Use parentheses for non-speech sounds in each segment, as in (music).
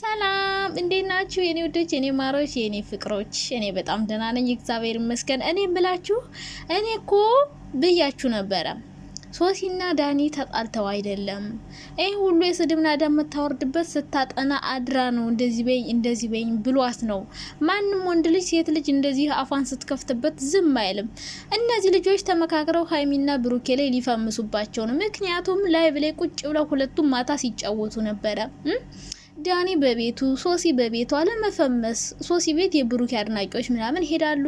ሰላም እንዴት ናችሁ? የኔ ውዶች፣ የኔ ማሮች፣ የኔ ፍቅሮች፣ እኔ በጣም ደህና ነኝ፣ እግዚአብሔር ይመስገን። እኔ ምላችሁ እኔ እኮ ብያችሁ ነበረ ሶሲና ዳኒ ተጣልተው አይደለም። ይህ ሁሉ የስድብ ናዳ የምታወርድበት ስታጠና አድራ ነው። እንደዚህ በኝ እንደዚህ በኝ ብሏት ነው። ማንም ወንድ ልጅ ሴት ልጅ እንደዚህ አፏን ስትከፍትበት ዝም አይልም። እነዚህ ልጆች ተመካክረው ሀይሚና ብሩኬ ላይ ሊፈምሱባቸው ነው። ምክንያቱም ላይ ብላይ ቁጭ ብለው ሁለቱም ማታ ሲጫወቱ ነበረ። ዳኒ በቤቱ ሶሲ በቤቷ ለመፈመስ ሶሲ ቤት የብሩኬ አድናቂዎች ምናምን ይሄዳሉ።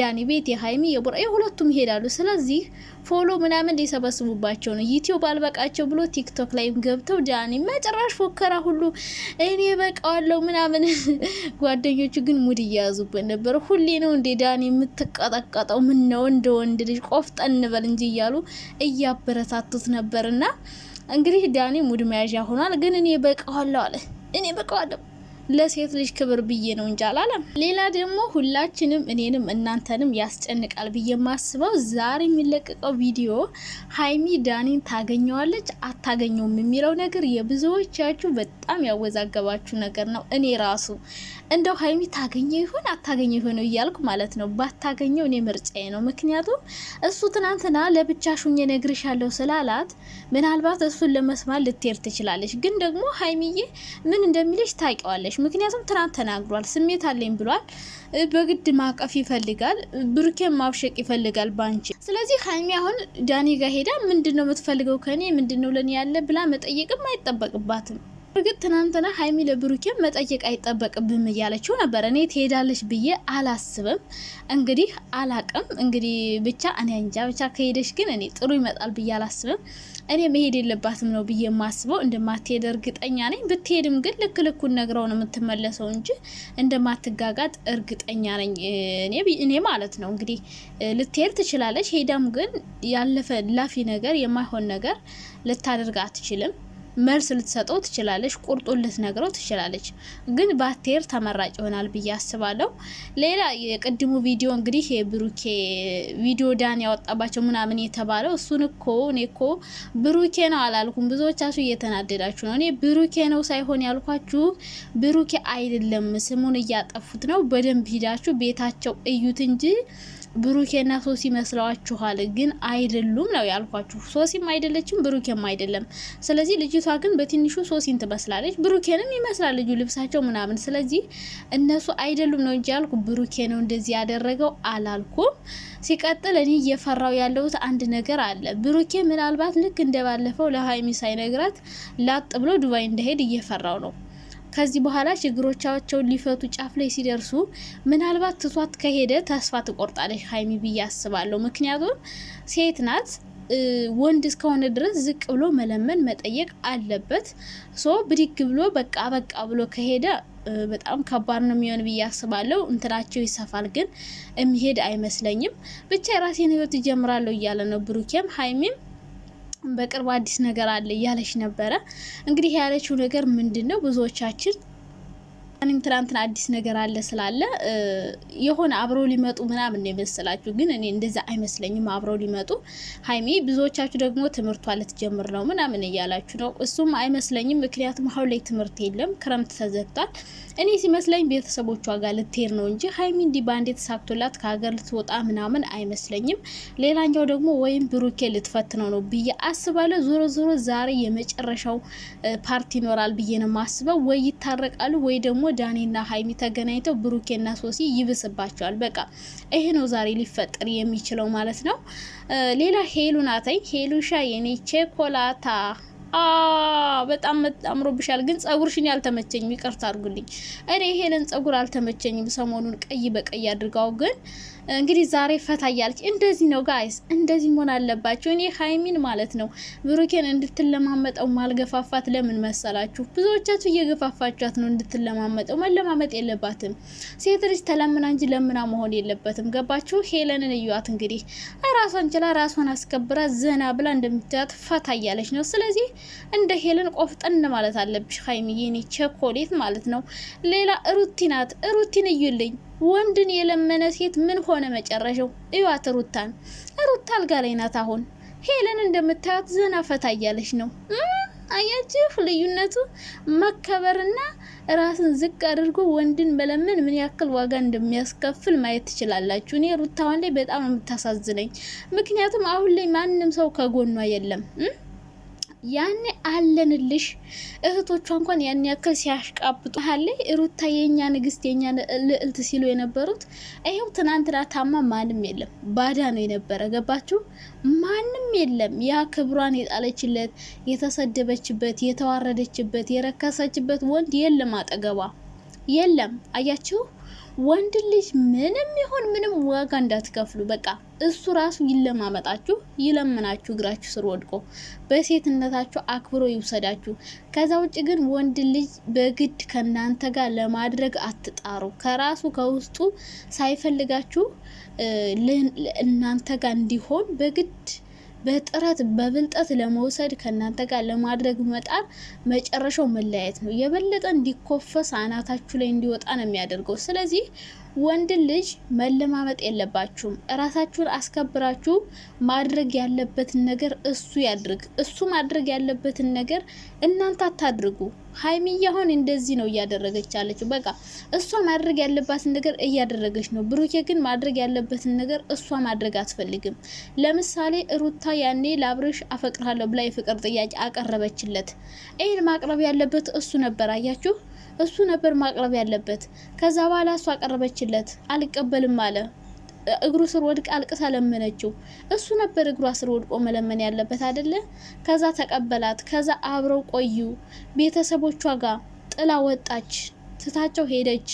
ዳኒ ቤት የሀይሚ የቡራ የሁለቱም ይሄዳሉ። ስለዚህ ፎሎ ምናምን ሊሰበስቡባቸው ነው። ዩቲዩብ አልበቃቸው ብሎ ቲክቶክ ላይ ገብተው ዳኒ መጨራሽ ፎከራ ሁሉ እኔ በቃዋለው ምናምን። (laughs) ጓደኞቹ ግን ሙድ እያያዙበት ነበር። ሁሌ ነው እንዴ ዳኒ የምትቀጠቀጠው? ምን ነው እንደ ወንድ ልጅ ቆፍጠን በል እንጂ እያሉ እያበረታቱት ነበርና እንግዲህ ዳኒ ሙድ መያዣ ሆኗል። ግን እኔ በቃዋለሁ አለ ini berkodok. ለሴት ልጅ ክብር ብዬ ነው እንጂ አላለም። ሌላ ደግሞ ሁላችንም እኔንም እናንተንም ያስጨንቃል ብዬ የማስበው ዛሬ የሚለቀቀው ቪዲዮ ሀይሚ ዳኒን ታገኘዋለች አታገኘውም የሚለው ነገር የብዙዎቻችሁ በጣም ያወዛገባችሁ ነገር ነው። እኔ ራሱ እንደው ሀይሚ ታገኘው ይሆን አታገኘው ይሆን እያልኩ ማለት ነው። ባታገኘው እኔ ምርጫዬ ነው። ምክንያቱም እሱ ትናንትና ለብቻ ሹኜ ነግርሻለሁ ስላላት ምናልባት እሱን ለመስማት ልትሄድ ትችላለች። ግን ደግሞ ሀይሚዬ ምን እንደሚለች ታውቂዋለች። ምክንያቱም ትናንት ተናግሯል። ስሜት አለኝ ብሏል። በግድ ማቀፍ ይፈልጋል። ብሩኬን ማብሸቅ ይፈልጋል ባንቺ። ስለዚህ ሀይሚ አሁን ዳኒ ጋር ሄዳ ምንድን ነው የምትፈልገው ከኔ ምንድን ነው ለኔ ያለ ብላ መጠየቅም አይጠበቅባትም። እርግጥ ትናንትና ሀይሚ ለብሩኬ መጠየቅ አይጠበቅብም እያለችው ነበር። እኔ ትሄዳለች ብዬ አላስብም። እንግዲህ አላቅም እንግዲህ ብቻ እኔ እንጃ ብቻ ከሄደች ግን እኔ ጥሩ ይመጣል ብዬ አላስብም። እኔ መሄድ የለባትም ነው ብዬ የማስበው። እንደማትሄድ እርግጠኛ ነኝ። ብትሄድም ግን ልክ ልኩን ነግረው ነው የምትመለሰው እንጂ እንደማትጋጋጥ እርግጠኛ ነኝ እኔ ማለት ነው። እንግዲህ ልትሄድ ትችላለች። ሄዳም ግን ያለፈ ላፊ ነገር የማይሆን ነገር ልታደርግ አትችልም። መልስ ልትሰጠው ትችላለች፣ ቁርጡን ልትነግረው ትችላለች። ግን ባቴር ተመራጭ ይሆናል ብዬ አስባለሁ። ሌላ የቅድሙ ቪዲዮ እንግዲህ የብሩኬ ቪዲዮ ዳን ያወጣባቸው ምናምን የተባለው እሱን እኮ እኔ እኮ ብሩኬ ነው አላልኩም። ብዙዎቻችሁ እየተናደዳችሁ ነው። እኔ ብሩኬ ነው ሳይሆን ያልኳችሁ ብሩኬ አይደለም፣ ስሙን እያጠፉት ነው። በደንብ ሂዳችሁ ቤታቸው እዩት እንጂ ብሩኬና ሶሲ መስለዋችኋል፣ ግን አይደሉም ነው ያልኳችሁ። ሶሲም አይደለችም፣ ብሩኬም አይደለም። ስለዚህ ልጅ ልጅቷ ግን በትንሹ ሶሲን ትመስላለች፣ ብሩኬንም ይመስላል ልጁ ልብሳቸው ምናምን። ስለዚህ እነሱ አይደሉም ነው እንጂ ያልኩ ብሩኬ ነው እንደዚህ ያደረገው አላልኩም። ሲቀጥል እኔ እየፈራው ያለሁት አንድ ነገር አለ። ብሩኬ ምናልባት ልክ እንደባለፈው ለሀይሚ ሳይነግራት ላጥ ብሎ ዱባይ እንደሄድ እየፈራው ነው። ከዚህ በኋላ ችግሮቻቸውን ሊፈቱ ጫፍ ላይ ሲደርሱ ምናልባት ትቷት ከሄደ ተስፋ ትቆርጣለች ሀይሚ ብዬ አስባለሁ። ምክንያቱም ሴት ናት። ወንድ እስከሆነ ድረስ ዝቅ ብሎ መለመን መጠየቅ አለበት። ሶ ብድግ ብሎ በቃ በቃ ብሎ ከሄደ በጣም ከባድ ነው የሚሆን ብዬ አስባለሁ። እንትናቸው ይሰፋል፣ ግን የሚሄድ አይመስለኝም። ብቻ የራሴን ህይወት እጀምራለሁ እያለ ነው ብሩኬም ሀይሚም በቅርብ አዲስ ነገር አለ እያለች ነበረ። እንግዲህ ያለችው ነገር ምንድን ነው? ብዙዎቻችን እኔም ትናንትና አዲስ ነገር አለ ስላለ የሆነ አብረው ሊመጡ ምናምን ነው የመሰላችሁ፣ ግን እኔ እንደዛ አይመስለኝም አብረው ሊመጡ። ሀይሚ ብዙዎቻችሁ ደግሞ ትምህርቷ ልትጀምር ነው ምናምን እያላችሁ ነው። እሱም አይመስለኝም፣ ምክንያቱም አሁን ላይ ትምህርት የለም፣ ክረምት ተዘግቷል። እኔ ሲመስለኝ ቤተሰቦቿ ጋር ልትሄድ ነው እንጂ ሀይሚ እንዲህ በአንዴ ተሳክቶላት ከሀገር ልትወጣ ምናምን አይመስለኝም። ሌላኛው ደግሞ ወይም ብሩኬ ልትፈትነው ነው ብዬ አስባለሁ። ዞሮ ዞሮ ዛሬ የመጨረሻው ፓርቲ ይኖራል ብዬ ነው የማስበው። ወይ ይታረቃሉ ወይ ደግሞ ዳኒና ሀይሚ ተገናኝተው ብሩኬና ሶሲ ይብስባቸዋል። በቃ ይሄ ነው ዛሬ ሊፈጠር የሚችለው ማለት ነው። ሌላ ሄሉ ናተኝ ሄሉሻ የኔ ቼኮላታ በጣም አምሮብሻል፣ ግን ጸጉርሽን ያልተመቸኝም ይቅርታ አድርጉልኝ። እኔ ሄለን ጸጉር አልተመቸኝም ሰሞኑን ቀይ በቀይ አድርጋው ግን እንግዲህ ዛሬ ፈታ እያለች እንደዚህ ነው ጋይስ፣ እንደዚህ መሆን አለባቸው። እኔ ሀይሚን ማለት ነው ብሩኬን እንድትለማመጠው ማልገፋፋት ለምን መሰላችሁ? ብዙዎቻችሁ እየገፋፋችኋት ነው እንድትለማመጠው። መለማመጥ የለባትም ሴት ልጅ ተለምና እንጂ ለምና መሆን የለበትም። ገባችሁ? ሄለንን እዩዋት እንግዲህ ራሷን ችላ ራሷን አስከብራ ዘና ብላ እንደምትያት ፈታ እያለች ነው። ስለዚህ እንደ ሄለን ቆፍጠን ማለት አለብሽ ሀይሚዬ፣ እኔ ቸኮሌት ማለት ነው። ሌላ ሩቲናት ሩቲን እዩልኝ ወንድን የለመነ ሴት ምን ሆነ መጨረሻው? እዩዋት ሩታን። ሩታ አልጋ ላይ ናት አሁን። ሄለን እንደምታዩት ዘና ፈታ እያለች ነው። አያችሁ ልዩነቱ? መከበርና ራስን ዝቅ አድርጎ ወንድን መለመን ምን ያክል ዋጋ እንደሚያስከፍል ማየት ትችላላችሁ። እኔ ሩታ ላይ በጣም የምታሳዝነኝ። ምክንያቱም አሁን ላይ ማንም ሰው ከጎኗ የለም። ያን አለንልሽ። እህቶቿ እንኳን ያን ያክል ሲያሽቃብጡ ላይ ሩታ የኛ ንግስት የኛ ልዕልት ሲሉ የነበሩት ይኸው ትናንትና ታማ ማንም የለም ባዳ ነው የነበረ። ገባችሁ? ማንም የለም። ያ ክብሯን የጣለችለት የተሰደበችበት፣ የተዋረደችበት፣ የረከሰችበት ወንድ የለም አጠገቧ የለም። አያችሁ ወንድ ልጅ ምንም ይሁን ምንም ዋጋ እንዳትከፍሉ። በቃ እሱ ራሱ ይለማመጣችሁ፣ ይለምናችሁ፣ እግራችሁ ስር ወድቆ በሴትነታችሁ አክብሮ ይውሰዳችሁ። ከዛ ውጭ ግን ወንድ ልጅ በግድ ከእናንተ ጋር ለማድረግ አትጣሩ። ከራሱ ከውስጡ ሳይፈልጋችሁ እናንተ ጋር እንዲሆን በግድ በጥረት በብልጠት ለመውሰድ ከእናንተ ጋር ለማድረግ መጣር መጨረሻው መለያየት ነው። የበለጠ እንዲኮፈስ አናታችሁ ላይ እንዲወጣ ነው የሚያደርገው። ስለዚህ ወንድን ልጅ መለማመጥ የለባችሁም። እራሳችሁን አስከብራችሁ ማድረግ ያለበትን ነገር እሱ ያድርግ። እሱ ማድረግ ያለበትን ነገር እናንተ አታድርጉ። ሀይሚ አሁን እንደዚህ ነው እያደረገች ያለችው። በቃ እሷ ማድረግ ያለባትን ነገር እያደረገች ነው። ብሩኬ ግን ማድረግ ያለበትን ነገር እሷ ማድረግ አትፈልግም። ለምሳሌ ሩታ ያኔ ለአብርሽ አፈቅርሃለሁ ብላ የፍቅር ጥያቄ አቀረበችለት። ይህን ማቅረብ ያለበት እሱ ነበር። አያችሁ፣ እሱ ነበር ማቅረብ ያለበት። ከዛ በኋላ እሷ አቀረበችለት፣ አልቀበልም አለ። እግሩ ስር ወድቃ አልቅሳ ለመነችው። እሱ ነበር እግሯ ስር ወድቆ መለመን ያለበት አይደለ? ከዛ ተቀበላት። ከዛ አብረው ቆዩ። ቤተሰቦቿ ጋር ጥላ ወጣች፣ ትታቸው ሄደች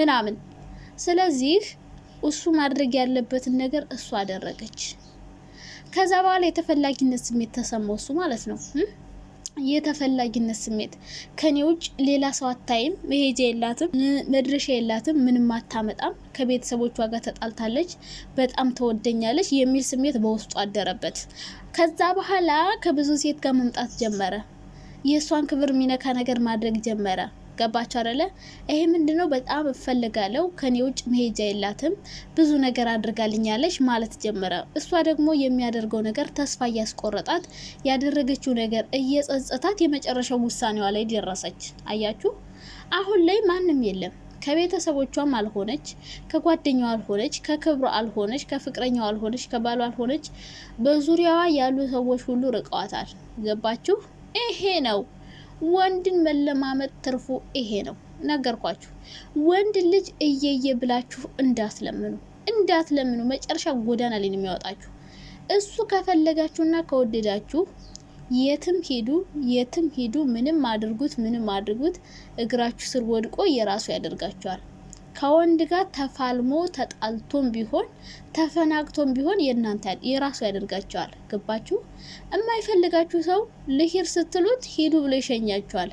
ምናምን። ስለዚህ እሱ ማድረግ ያለበትን ነገር እሱ አደረገች። ከዛ በኋላ የተፈላጊነት ስሜት ተሰማው እሱ ማለት ነው። የተፈላጊነት ስሜት ከኔ ውጭ ሌላ ሰው አታይም፣ መሄጃ የላትም፣ መድረሻ የላትም፣ ምንም አታመጣም፣ ከቤተሰቦቿ ጋር ተጣልታለች፣ በጣም ተወደኛለች የሚል ስሜት በውስጡ አደረበት። ከዛ በኋላ ከብዙ ሴት ጋር መምጣት ጀመረ። የእሷን ክብር የሚነካ ነገር ማድረግ ጀመረ። ገባቸው አደለ? ይሄ ምንድነው? በጣም እፈልጋለሁ፣ ከኔ ውጭ መሄጃ የላትም፣ ብዙ ነገር አድርጋልኛለች ማለት ጀመረ። እሷ ደግሞ የሚያደርገው ነገር ተስፋ እያስቆረጣት፣ ያደረገችው ነገር እየጸጸታት፣ የመጨረሻው ውሳኔዋ ላይ ደረሰች። አያችሁ፣ አሁን ላይ ማንም የለም። ከቤተሰቦቿም አልሆነች፣ ከጓደኛው አልሆነች፣ ከክብሩ አልሆነች፣ ከፍቅረኛው አልሆነች፣ ከባሏ አልሆነች። በዙሪያዋ ያሉ ሰዎች ሁሉ ርቀዋታል። ገባችሁ? ይሄ ነው ወንድን መለማመጥ ትርፉ ይሄ ነው። ነገርኳችሁ። ወንድ ልጅ እየየ ብላችሁ እንዳትለምኑ እንዳትለምኑ፣ መጨረሻ ጎዳና ላይ ነው የሚያወጣችሁ። እሱ ከፈለጋችሁና ከወደዳችሁ የትም ሄዱ የትም ሄዱ ምንም አድርጉት፣ ምንም አድርጉት፣ እግራችሁ ስር ወድቆ የራሱ ያደርጋችኋል። ከወንድ ጋር ተፋልሞ ተጣልቶም ቢሆን ተፈናግቶም ቢሆን የእናንተ የራሱ ያደርጋቸዋል። ገባችሁ? የማይፈልጋችሁ ሰው ልሄድ ስትሉት ሄዱ ብሎ ይሸኛቸዋል።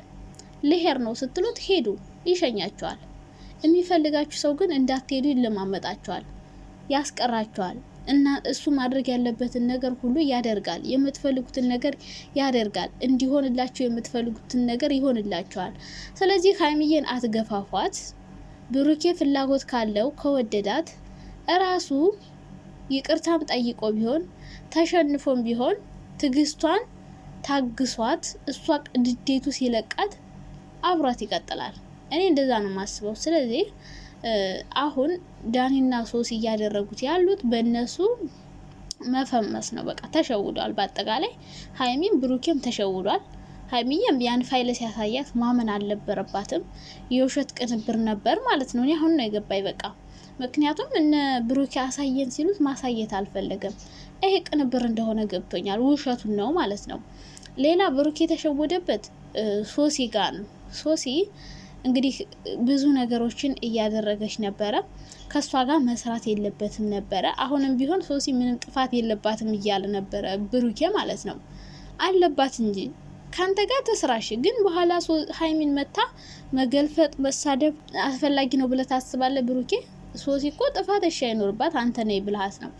ልሄድ ነው ስትሉት ሄዱ ይሸኛቸዋል። የሚፈልጋችሁ ሰው ግን እንዳትሄዱ ይለማመጣቸዋል፣ ያስቀራቸዋል። እና እሱ ማድረግ ያለበትን ነገር ሁሉ ያደርጋል። የምትፈልጉትን ነገር ያደርጋል። እንዲሆንላችሁ የምትፈልጉትን ነገር ይሆንላችኋል። ስለዚህ ሀይሚዬን አትገፋፏት። ብሩኬ ፍላጎት ካለው ከወደዳት እራሱ ይቅርታም ጠይቆ ቢሆን ተሸንፎም ቢሆን ትግስቷን ታግሷት እሷ ንዴቱ ሲለቃት አብሯት ይቀጥላል። እኔ እንደዛ ነው የማስበው። ስለዚህ አሁን ዳኒና ሶስ እያደረጉት ያሉት በእነሱ መፈመስ ነው። በቃ ተሸውዷል። በአጠቃላይ ሀይሚም ብሩኬም ተሸውዷል። ሀይሚዬም ያን ፋይል ሲያሳያት ማመን አልነበረባትም። የውሸት ቅንብር ነበር ማለት ነው። እኔ አሁን ነው የገባኝ በቃ። ምክንያቱም እነ ብሩኬ አሳየን ሲሉት ማሳየት አልፈለገም። ይሄ ቅንብር እንደሆነ ገብቶኛል። ውሸቱን ነው ማለት ነው። ሌላ ብሩኬ የተሸወደበት ሶሲ ጋር ነው። ሶሲ እንግዲህ ብዙ ነገሮችን እያደረገች ነበረ። ከእሷ ጋር መስራት የለበትም ነበረ። አሁንም ቢሆን ሶሲ ምንም ጥፋት የለባትም እያለ ነበረ ብሩኬ ማለት ነው። አለባት እንጂ ከአንተ ጋር ተስራሽ ግን በኋላ ሀይሚን መታ መገልፈጥ መሳደብ አስፈላጊ ነው ብለ ታስባለ ብሩኬ? ሶሲ እኮ ጥፋትሽ አይኖርባት አንተ ነ ብልሃት ነው።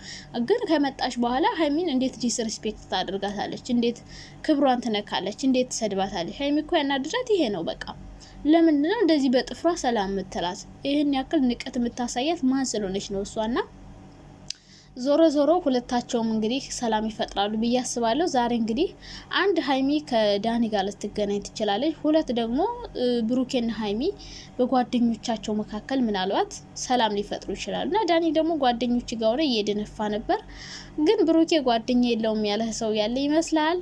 ግን ከመጣሽ በኋላ ሀይሚን እንዴት ዲስሪስፔክት ታደርጋታለች? እንዴት ክብሯን ትነካለች? እንዴት ትሰድባታለች? ሀይሚ እኮ ያናድዳት ይሄ ነው በቃ። ለምንድነው እንደዚህ በጥፍሯ ሰላም የምትላት? ይህን ያክል ንቀት የምታሳያት ማን ስለሆነች ነው እሷና ዞሮ ዞሮ ሁለታቸውም እንግዲህ ሰላም ይፈጥራሉ ብዬ አስባለሁ። ዛሬ እንግዲህ አንድ ሀይሚ ከዳኒ ጋር ልትገናኝ ትችላለች። ሁለት ደግሞ ብሩኬና ሀይሚ በጓደኞቻቸው መካከል ምናልባት ሰላም ሊፈጥሩ ይችላሉ እና ዳኒ ደግሞ ጓደኞች ጋር ሆነ እየደነፋ ነበር። ግን ብሩኬ ጓደኛ የለውም ያለህ ሰው ያለ ይመስላል።